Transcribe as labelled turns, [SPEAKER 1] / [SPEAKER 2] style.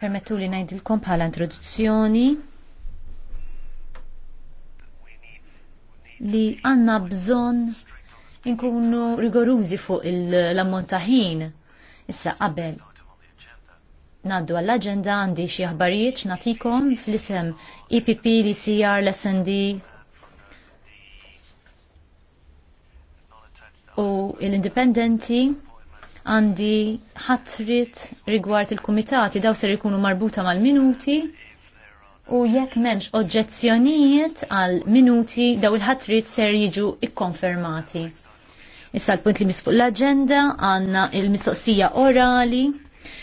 [SPEAKER 1] Permettu li najdilkom bħala introduzzjoni li għanna bżon inkunu rigorużi fuq l-ammontaħin. Issa qabel naddu għall-agenda għandi xi aħbarijiet natikom fl-isem IPP e li sijar e l-SND u l-Independenti għandi ħatrit rigward il-kumitati daw ser ikunu marbuta mal-minuti u jekk memx oġġezzjonijiet għal minuti daw il-ħatrit ser jiġu ikkonfermati. Issa l-punt li misfuq l-agenda għanna il-mistoqsija orali